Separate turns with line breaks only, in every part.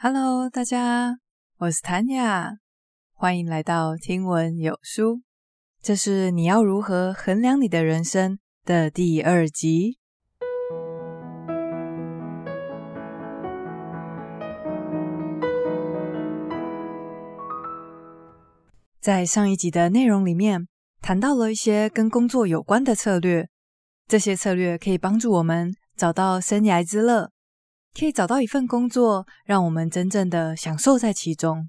Hello，大家，我是 Tanya，歡迎來到聽聞有書。這是《你要如何衡量你的人生》的第二集。在上一集的內容裡面，談到了一些跟工作有關的策略，這些策略可以幫助我們找到生涯之樂。可以找到一份工作，讓我們真正的享受在其中。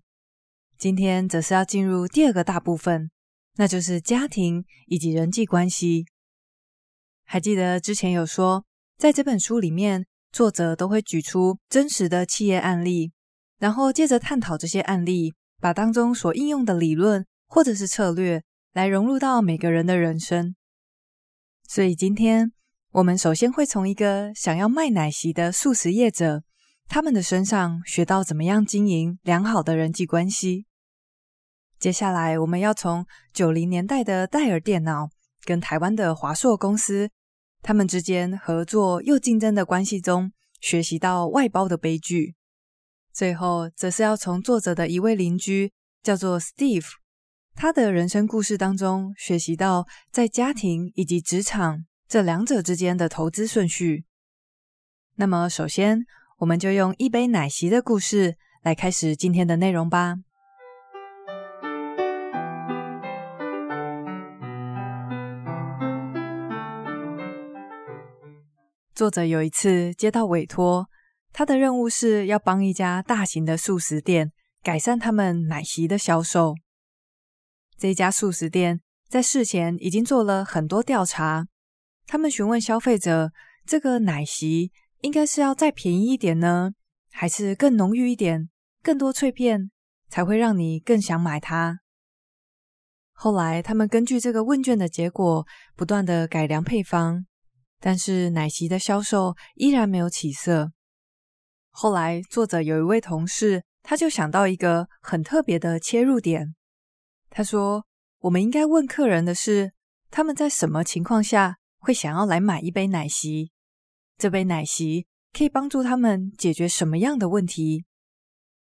今天則是要進入第二個大部分，那就是家庭以及人際關係。還記得之前有說，在這本書裡面，作者都會舉出真實的企業案例，然後藉著探討這些案例，把當中所應用的理論或者是策略，來融入到每個人的人生。所以今天。我們首先會從一個想要賣奶昔的速食業者，他們的身上學到怎麼樣經營良好的人際關係。接下來我們要從九零年代的戴爾電腦跟台灣的華碩公司，他們之間合作又競爭的關係中學習到外包的悲劇。最後則是要從作者的一位鄰居，叫做 Steve 他的人生故事當中學習到在家庭以及職場。這兩者之間的投資順序。那麼，首先，我們就用一杯奶昔的故事來開始今天的內容吧。作者有一次接到委託，他的任務是要幫一家大型的速食店改善他們奶昔的銷售。這一家速食店在事前已經做了很多調查。他們詢問消費者，這個奶昔應該是要再便宜一點呢，還是更濃郁一點、更多脆片才會讓你更想買它？後來，他們根據這個問卷的結果，不斷的改良配方，但是奶昔的銷售依然沒有起色。後來，作者有一位同事，他就想到一個很特別的切入點。他說：“我們應該問客人的是，他們在什麼情況下？”會想要來買一杯奶昔，這杯奶昔可以幫助他們解決什麼樣的問題？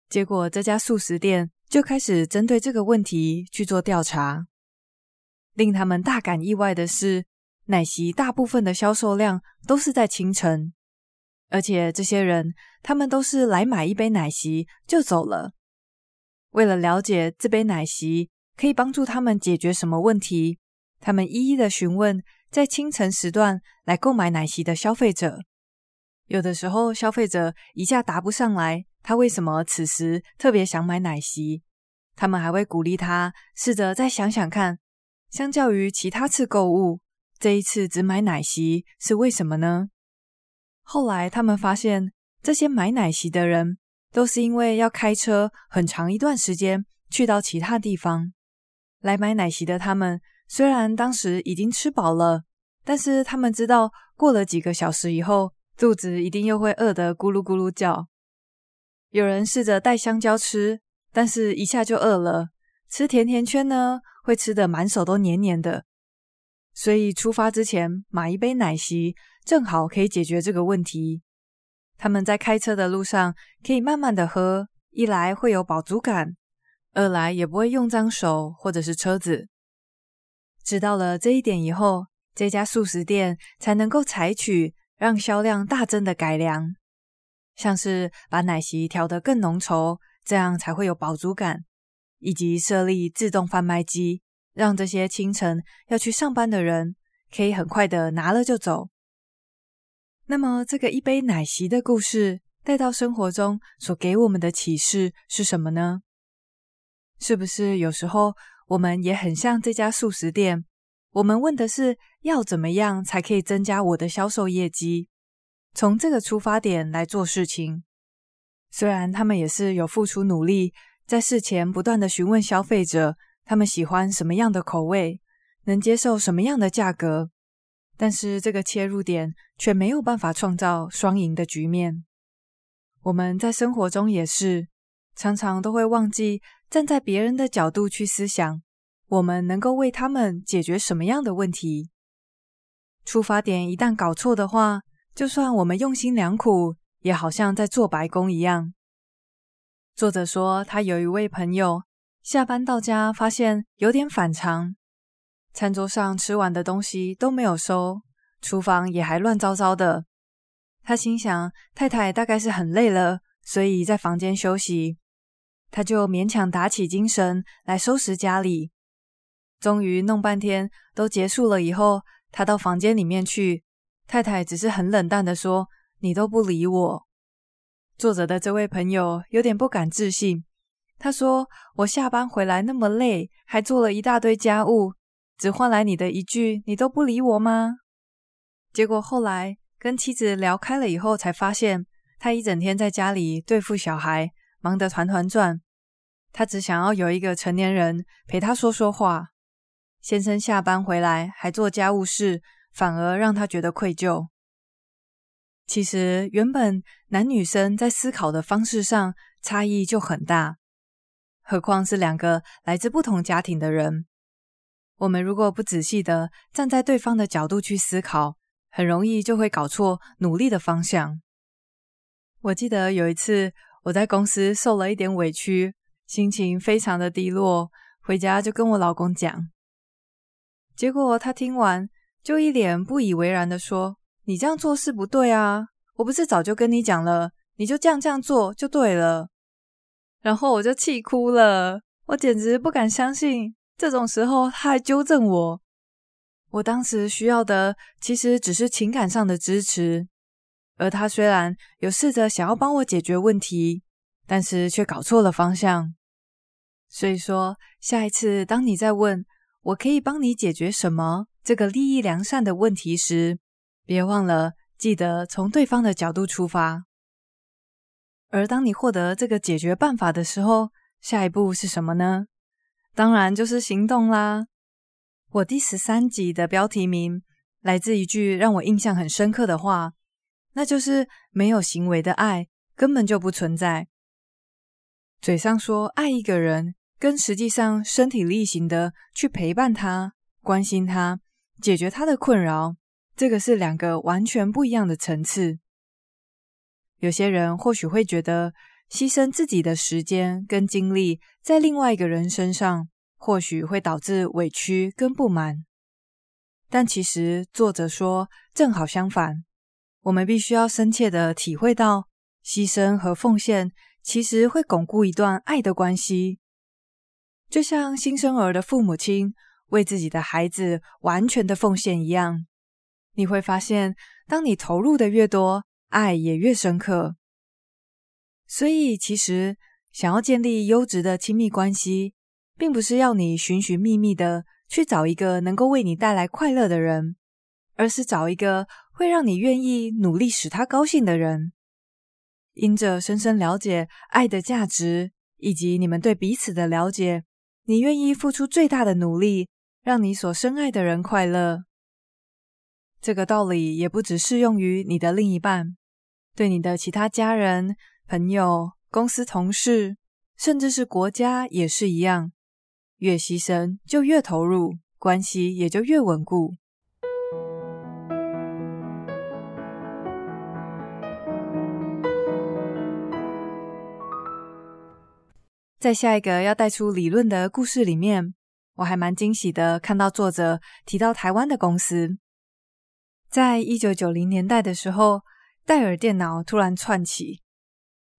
結果這家速食店就開始針對這個問題去做調查。令他們大感意外的是，奶昔大部分的銷售量都是在清晨，而且這些人他們都是來買一杯奶昔就走了。為了了解這杯奶昔可以幫助他們解決什麼問題，他們一一的詢問。在清晨時段來購買奶昔的消費者，有的時候消費者一下答不上來，他為什麼此時特別想買奶昔？他們還會鼓勵他試着再想想看，相較於其他次購物，這一次只買奶昔是為什麼呢？後來他們發現，這些買奶昔的人都是因為要開車很長一段時間去到其他地方來買奶昔的，他們。雖然當時已經吃飽了，但是他們知道過了幾個小時以後，肚子一定又會餓得咕嚕咕嚕叫。有人試着帶香蕉吃，但是一下就餓了；吃甜甜圈呢，會吃得滿手都黏黏的。所以出發之前買一杯奶昔，正好可以解決這個問題。他們在開車的路上可以慢慢的喝，一來會有飽足感，二來也不會用髒手或者是車子。知道了這一點以後，這家速食店才能夠採取讓銷量大增的改良，像是把奶昔調得更濃稠，這樣才會有飽足感，以及設立自動販賣機，讓這些清晨要去上班的人可以很快的拿了就走。那麼，這個一杯奶昔的故事帶到生活中所給我們的啟示是什麼呢？是不是有時候，我們也很像這家速食店。我們問的是要怎麼樣才可以增加我的銷售業績，從這個出發點來做事情。雖然他們也是有付出努力，在事前不斷的詢問消費者，他們喜歡什麼樣的口味，能接受什麼樣的價格，但是這個切入點卻沒有辦法創造雙贏的局面。我們在生活中也是常常都會忘記。站在別人的角度去思想，我們能夠為他們解決什麼樣的問題？出發點一旦搞錯的話，就算我們用心良苦，也好像在做白工一樣。作者說，他有一位朋友下班到家，發現有點反常，餐桌上吃完的東西都沒有收，廚房也還亂糟糟的。他心想，太太大概是很累了，所以在房間休息。他就勉強打起精神來收拾家裡，終於弄半天都結束了以後，他到房間裡面去，太太只是很冷淡的說：“你都不理我。”作者的這位朋友有點不敢置信，他說：“我下班回來那麼累，還做了一大堆家務，只換來你的一句‘你都不理我’嗎？”結果後來跟妻子聊開了以後，才發現他一整天在家裡對付小孩。忙得團團轉，他只想要有一個成年人陪他說說話。先生下班回來還做家務事，反而讓他覺得愧疚。其實，原本男女生在思考的方式上差異就很大，何況是兩個來自不同家庭的人。我們如果不仔細的站在對方的角度去思考，很容易就會搞錯努力的方向。我記得有一次，我在公司受了一點委屈，心情非常的低落，回家就跟我老公講，結果他聽完就一臉不以為然的說：“你這樣做是不對啊，我不是早就跟你講了，你就這樣這樣做就對了。”然後我就氣哭了，我簡直不敢相信，這種時候他還糾正我，我當時需要的其實只是情感上的支持。而他雖然有試着想要幫我解決問題，但是卻搞錯了方向。所以說，下一次當你在問我可以幫你解決什麼這個立意良善的問題時，別忘了記得從對方的角度出發。而當你獲得這個解決辦法的時候，下一步是什麼呢？當然就是行動啦。我第十三集的標題名來自一句讓我印象很深刻的話。那就是沒有行為的愛根本就不存在。嘴上說愛一個人，跟實際上身體力行的去陪伴他、關心他、解決他的困擾，這個是兩個完全不一樣的層次。有些人或許會覺得犧牲自己的時間跟精力在另外一個人身上，或許會導致委屈跟不滿，但其實作者說正好相反。我們必須要深切的體會到，犧牲和奉獻其實會鞏固一段愛的關係，就像新生兒的父母親為自己的孩子完全的奉獻一樣。你會發現，當你投入的越多，愛也越深刻。所以，其實想要建立優質的親密關係，並不是要你尋尋覓覓的去找一個能夠為你帶來快樂的人，而是找一個。會讓你願意努力使他高興的人，因着深深了解愛的價值以及你們對彼此的了解，你願意付出最大的努力，讓你所深愛的人快樂。這個道理也不只適用於你的另一半，對你的其他家人、朋友、公司同事，甚至是國家也是一樣。越犧牲就越投入，關係也就越穩固。在下一個要帶出理論的故事裡面，我還蠻驚喜的，看到作者提到台灣的公司，在一九九零年代的時候，戴爾電腦突然竄起。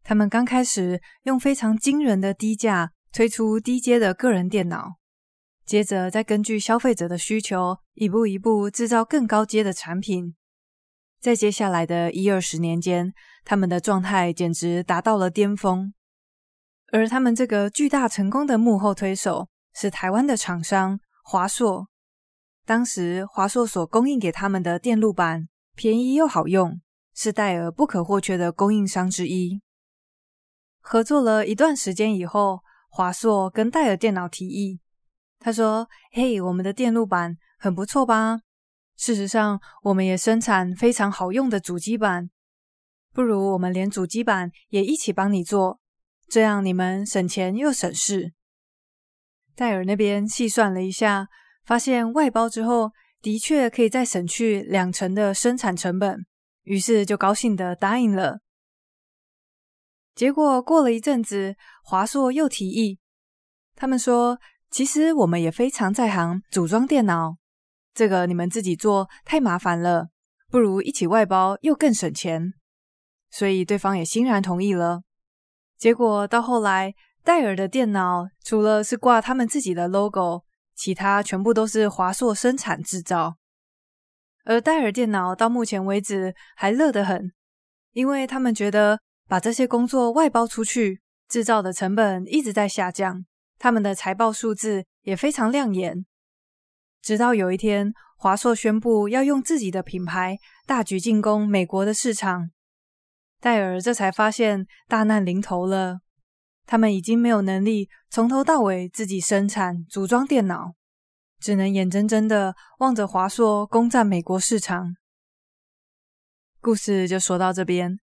他們剛開始用非常驚人的低價推出低階的個人電腦，接着再根據消費者的需求，一步一步製造更高階的產品。在接下來的一二十年間，他們的狀態簡直達到了巔峰。而他們這個巨大成功的幕後推手是台灣的廠商華碩。當時華碩所供應給他們的電路板便宜又好用，是戴爾不可或缺的供應商之一。合作了一段時間以後，華碩跟戴爾電腦提議：“他說，嘿，我們的電路板很不錯吧？事實上，我們也生產非常好用的主機板，不如我們連主機板也一起幫你做。”這樣你們省錢又省事。戴爾那邊細算了一下，發現外包之後的確可以再省去兩成的生產成本，於是就高興地答應了。結果過了一陣子，華碩又提議，他們說：“其實我們也非常在行組裝電腦，這個你們自己做太麻煩了，不如一起外包又更省錢。”所以對方也欣然同意了。結果到後來，戴爾的電腦除了是掛他們自己的 logo，其他全部都是華碩生產製造。而戴爾電腦到目前為止還熱得很，因為他們覺得把這些工作外包出去，制造的成本一直在下降，他們的財報數字也非常亮眼。直到有一天，華碩宣佈要用自己的品牌大舉進攻美國的市場。戴爾這才發現大難臨頭了，他們已經沒有能力從頭到尾自己生產組裝電腦，只能眼睜睜的望着華碩攻佔美國市場。故事就說到這邊，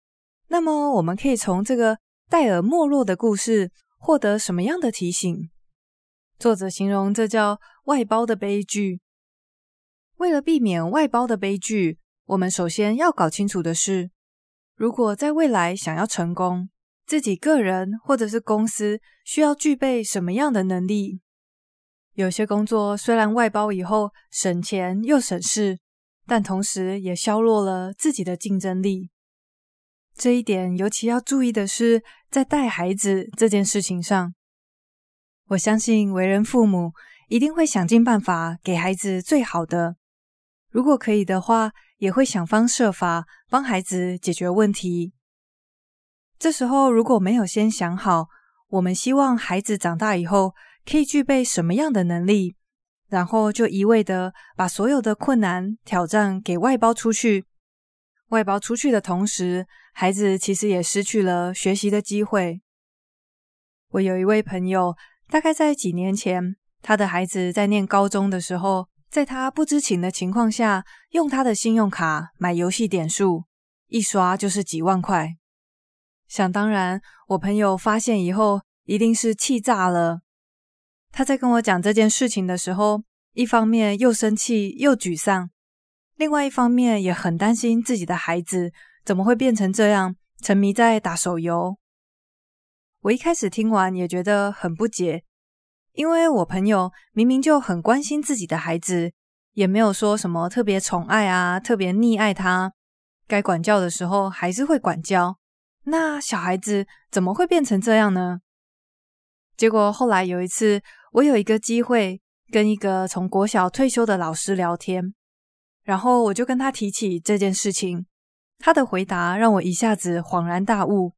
那麼我們可以從這個戴爾沒落的故事獲得什麼樣的提醒？作者形容這叫外包的悲劇。為了避免外包的悲劇，我們首先要搞清楚的是，如果在未來想要成功，自己個人或者是公司需要具備什麼樣的能力？有些工作雖然外包以後省錢又省事，但同時也削弱了自己的競爭力。這一點尤其要注意的是，在帶孩子這件事情上。我相信為人父母一定會想盡辦法給孩子最好的。如果可以的話。也會想方設法幫孩子解決問題。這時候如果沒有先想好，我們希望孩子長大以後可以具備什麼樣的能力，然後就一味的把所有的困難挑戰給外包出去。外包出去的同時，孩子其實也失去了學習的機會。我有一位朋友，大概在幾年前，他的孩子在念高中的時候，在他不知情的情況下，用他的信用卡買遊戲點數，一刷就是幾萬塊。想當然，我朋友發現以後，一定是氣炸了。他在跟我講這件事情的時候，一方面又生氣又沮喪，另外一方面也很擔心自己的孩子怎麼會變成這樣，沉迷在打手遊。我一開始聽完也覺得很不解。因為我朋友明明就很關心自己的孩子，也沒有說什麼特別寵愛啊、特別溺愛他，該管教的時候還是會管教。那小孩子怎麼會變成這樣呢？結果後來有一次，我有一個機會跟一個從國小退休的老師聊天，然後我就跟他提起這件事情，他的回答讓我一下子恍然大悟。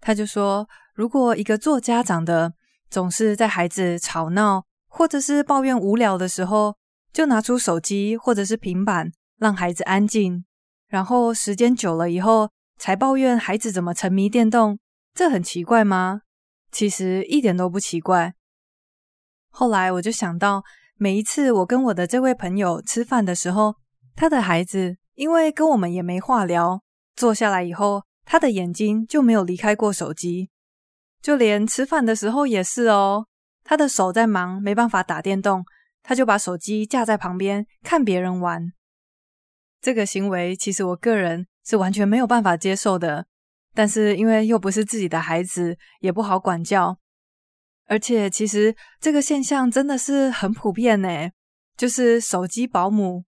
他就說：“如果一個做家長的，總是在孩子吵鬧或者是抱怨無聊的時候，就拿出手機或者是平板讓孩子安靜，然後時間久了以後才抱怨孩子怎麼沉迷電動。這很奇怪嗎？其實一點都不奇怪。後來我就想到，每一次我跟我的這位朋友吃飯的時候，他的孩子因為跟我們也沒話聊，坐下來以後，他的眼睛就沒有離開過手機。就連吃飯的時候也是哦，他的手在忙，沒辦法打電動，他就把手機架在旁邊看別人玩。這個行為其實我個人是完全沒有辦法接受的，但是因為又不是自己的孩子，也不好管教。而且其實這個現象真的是很普遍欸，就是手機保姆。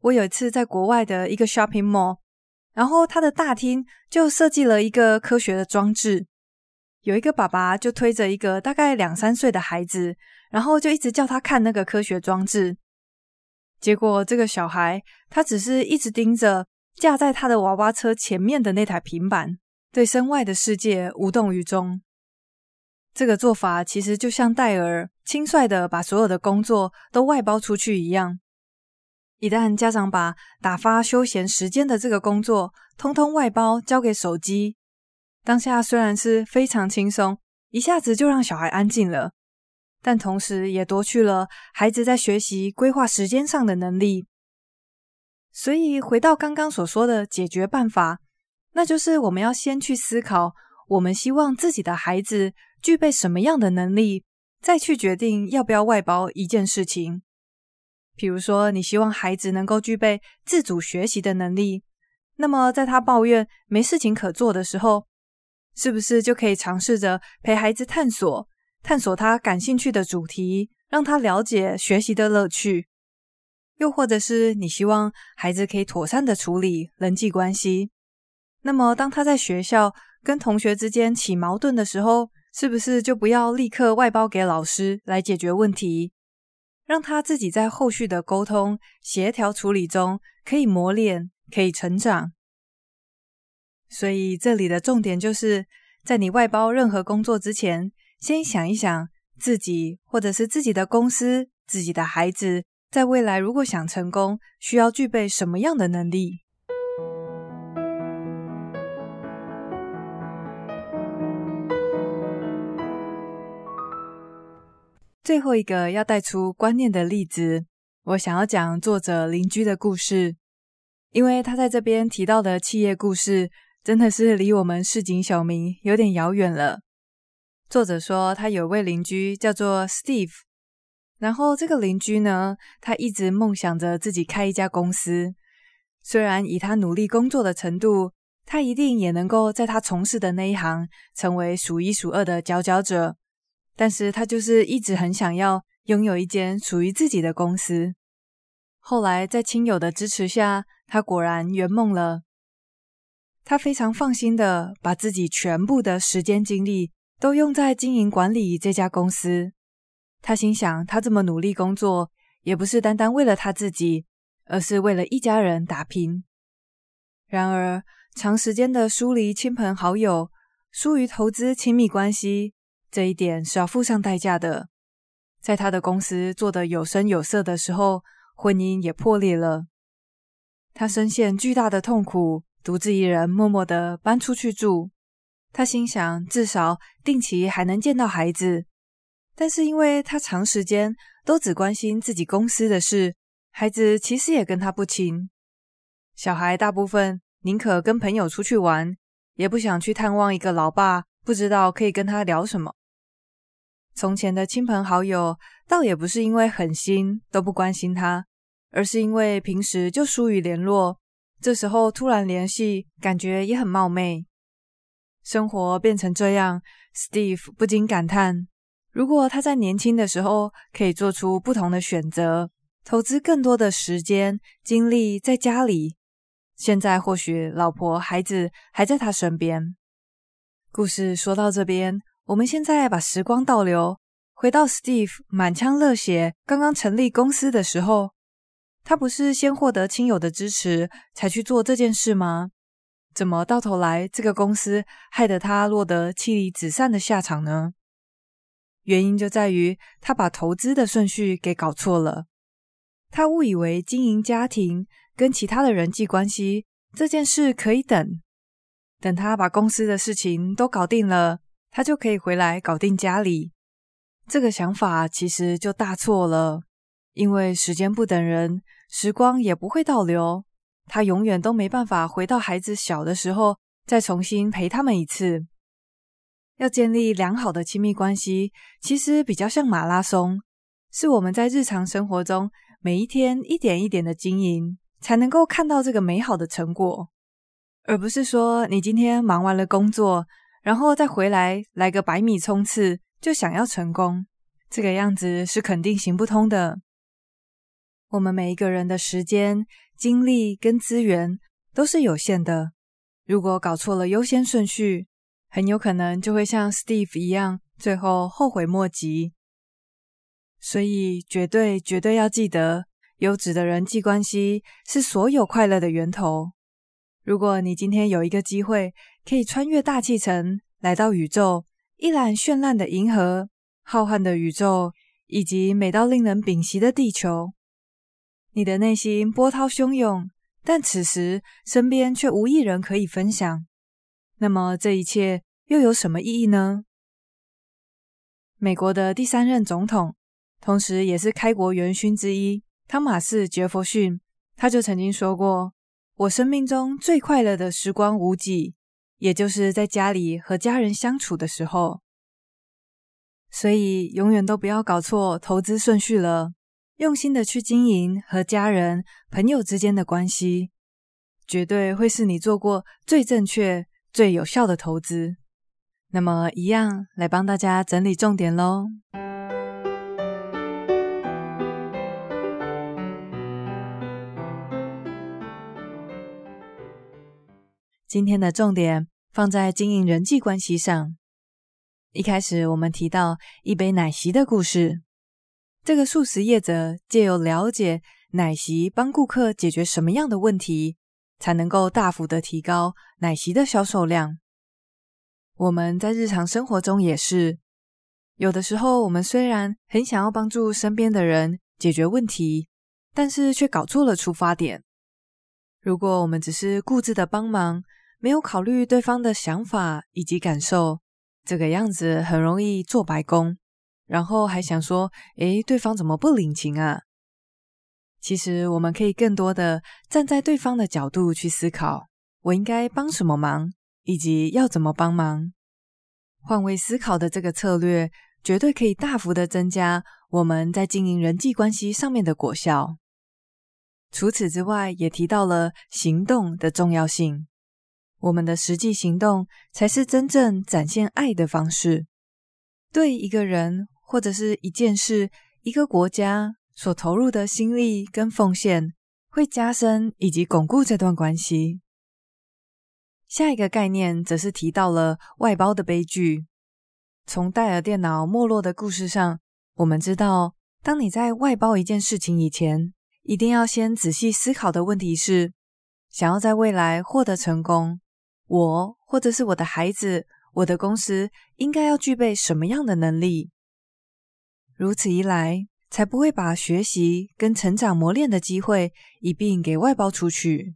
我有一次在國外的一個 shopping mall，然後它的大廳就設計了一個科學的裝置。有一個爸爸就推着一個大概兩三歲的孩子，然後就一直叫他看那個科學裝置，結果這個小孩他只是一直盯着架在他的娃娃車前面的那台平板，對身外的世界無動於衷。這個做法其實就像戴爾輕率的把所有的工作都外包出去一樣，一旦家長把打發休閒時間的這個工作通通外包交給手機。當下雖然是非常輕鬆，一下子就讓小孩安靜了，但同時也奪去了孩子在學習規劃時間上的能力。所以，回到剛剛所說的解決辦法，那就是我們要先去思考，我們希望自己的孩子具備什麼樣的能力，再去決定要不要外包一件事情。比如說，你希望孩子能夠具備自主學習的能力，那麼在他抱怨沒事情可做的時候，是不是就可以嘗試着陪孩子探索，探索他感興趣的主題，讓他了解學習的樂趣？又或者是你希望孩子可以妥善的處理人際關係，那麼，當他在學校跟同學之間起矛盾的時候，是不是就不要立刻外包給老師來解決問題，讓他自己在後續的溝通協調處理中可以磨練，可以成長。所以，這裡的重點就是，在你外包任何工作之前，先想一想自己或者是自己的公司、自己的孩子，在未來如果想成功，需要具備什麼樣的能力。最後一個要帶出觀念的例子，我想要講作者鄰居的故事，因為他在這邊提到的企業故事。真的是離我們市井小民有點遙遠了。作者說，他有位鄰居叫做 Steve，然後這個鄰居呢，他一直夢想着自己開一家公司。雖然以他努力工作的程度，他一定也能夠在他從事的那一行成為數一數二的佼佼者，但是他就是一直很想要擁有一間屬於自己的公司。後來在親友的支持下，他果然圓夢了。他非常放心地把自己全部的時間精力都用在經營管理這家公司。他心想，他這麼努力工作，也不是單單為了他自己，而是為了一家人打拼。然而，長時間的疏離親朋好友，疏於投資親密關係，這一點是要付上代價的。在他的公司做得有聲有色的時候，婚姻也破裂了。他深陷巨大的痛苦。獨自一人默默的搬出去住，他心想，至少定期還能見到孩子。但是因為他長時間都只關心自己公司的事，孩子其實也跟他不親。小孩大部分寧可跟朋友出去玩，也不想去探望一個老爸，不知道可以跟他聊什麼。從前的親朋好友倒也不是因為狠心都不關心他，而是因為平時就疏於聯絡。這時候突然聯繫，感覺也很冒昧。生活變成這樣，Steve 不禁感嘆：如果他在年輕的時候可以做出不同的選擇，投資更多的時間精力在家裡，現在或許老婆孩子還在他身邊。故事說到這邊，我們現在把時光倒流，回到 Steve 滿腔熱血剛剛成立公司的時候。他不是先獲得親友的支持才去做這件事嗎？怎麼到頭來這個公司害得他落得妻離子散的下場呢？原因就在於他把投資的順序給搞錯了。他誤以為經營家庭跟其他的人際關係，這件事可以等。等他把公司的事情都搞定了，他就可以回來搞定家裡。這個想法其實就大錯了。因為時間不等人，時光也不會倒流，他永遠都沒辦法回到孩子小的時候，再重新陪他們一次。要建立良好的親密關係，其實比較像馬拉松，是我們在日常生活中每一天一點一點的經營，才能夠看到這個美好的成果，而不是說你今天忙完了工作，然後再回來，來個百米衝刺，就想要成功，這個樣子是肯定行不通的。我們每一個人的時間、精力跟資源都是有限的。如果搞錯了優先順序，很有可能就會像 Steve 一樣，最後後悔莫及。所以，絕對絕對要記得，優質的人際關係是所有快樂的源頭。如果你今天有一個機會，可以穿越大氣層，來到宇宙，一覽絢爛的銀河、浩瀚的宇宙，以及美到令人屏息的地球。你的內心波濤洶湧，但此時身邊卻無一人可以分享。那麼這一切又有什麼意義呢？美國的第三任總統，同時也是開國元勳之一，湯馬斯·傑弗遜，他就曾經說過：“我生命中最快樂的時光無幾，也就是在家裡和家人相處的時候。”所以，永遠都不要搞錯投資順序了。用心的去經營和家人、朋友之間的關係，絕對會是你做過最正確、最有效的投資。那麼，一樣來幫大家整理重點嘍。今天的重點放在經營人際關係上。一開始我們提到一杯奶昔的故事。這個速食業者借由了解奶昔，幫顧客解決什麼樣的問題，才能夠大幅的提高奶昔的銷售量。我們在日常生活中也是，有的時候我們雖然很想要幫助身邊的人解決問題，但是卻搞錯了出發點。如果我們只是固執的幫忙，沒有考慮對方的想法以及感受，這個樣子很容易做白工。然後還想說，誒，對方怎麼不領情啊？其實我們可以更多的站在對方的角度去思考，我應該幫什麼忙，以及要怎麼幫忙。換位思考的這個策略，絕對可以大幅的增加我們在經營人際關係上面的果效。除此之外，也提到了行動的重要性，我們的實際行動才是真正展現愛的方式。對一個人。或者是一件事，一個國家所投入的心力跟奉獻，會加深以及鞏固這段關係。下一個概念則是提到了外包的悲劇。從戴爾電腦沒落的故事上，我們知道，當你在外包一件事情以前，一定要先仔細思考的問題是：想要在未來獲得成功，我或者是我的孩子、我的公司，應該要具備什麼樣的能力？如此一來，才不會把學習跟成長磨練的機會一併給外包出去。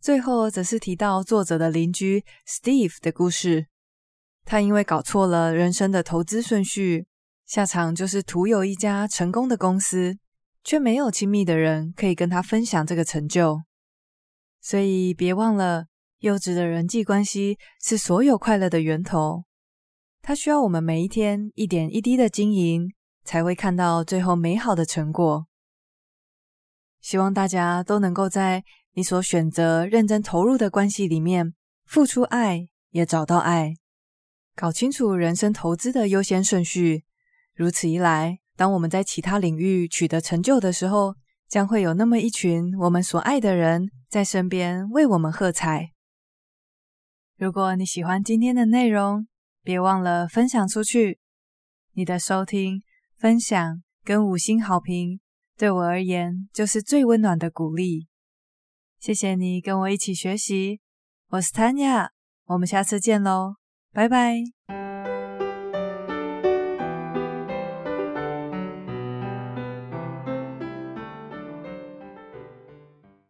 最後，則是提到作者的鄰居 Steve 的故事，他因為搞錯了人生的投資順序，下場就是徒有一家成功的公司，卻沒有親密的人可以跟他分享這個成就。所以，別忘了，優質的人際關係是所有快樂的源頭。它需要我們每一天一點一滴的經營，才會看到最後美好的成果。希望大家都能夠在你所選擇、認真投入的關係裡面付出愛，也找到愛，搞清楚人生投資的優先順序。如此一來，當我們在其他領域取得成就的時候，將會有那麼一群我們所愛的人在身邊為我們喝彩。如果你喜歡今天的內容，別忘了分享出去，你的收聽、分享跟五星好評，對我而言就是最溫暖的鼓勵。謝謝你跟我一起學習，我是 Tanya，我們下次見嘍，拜拜。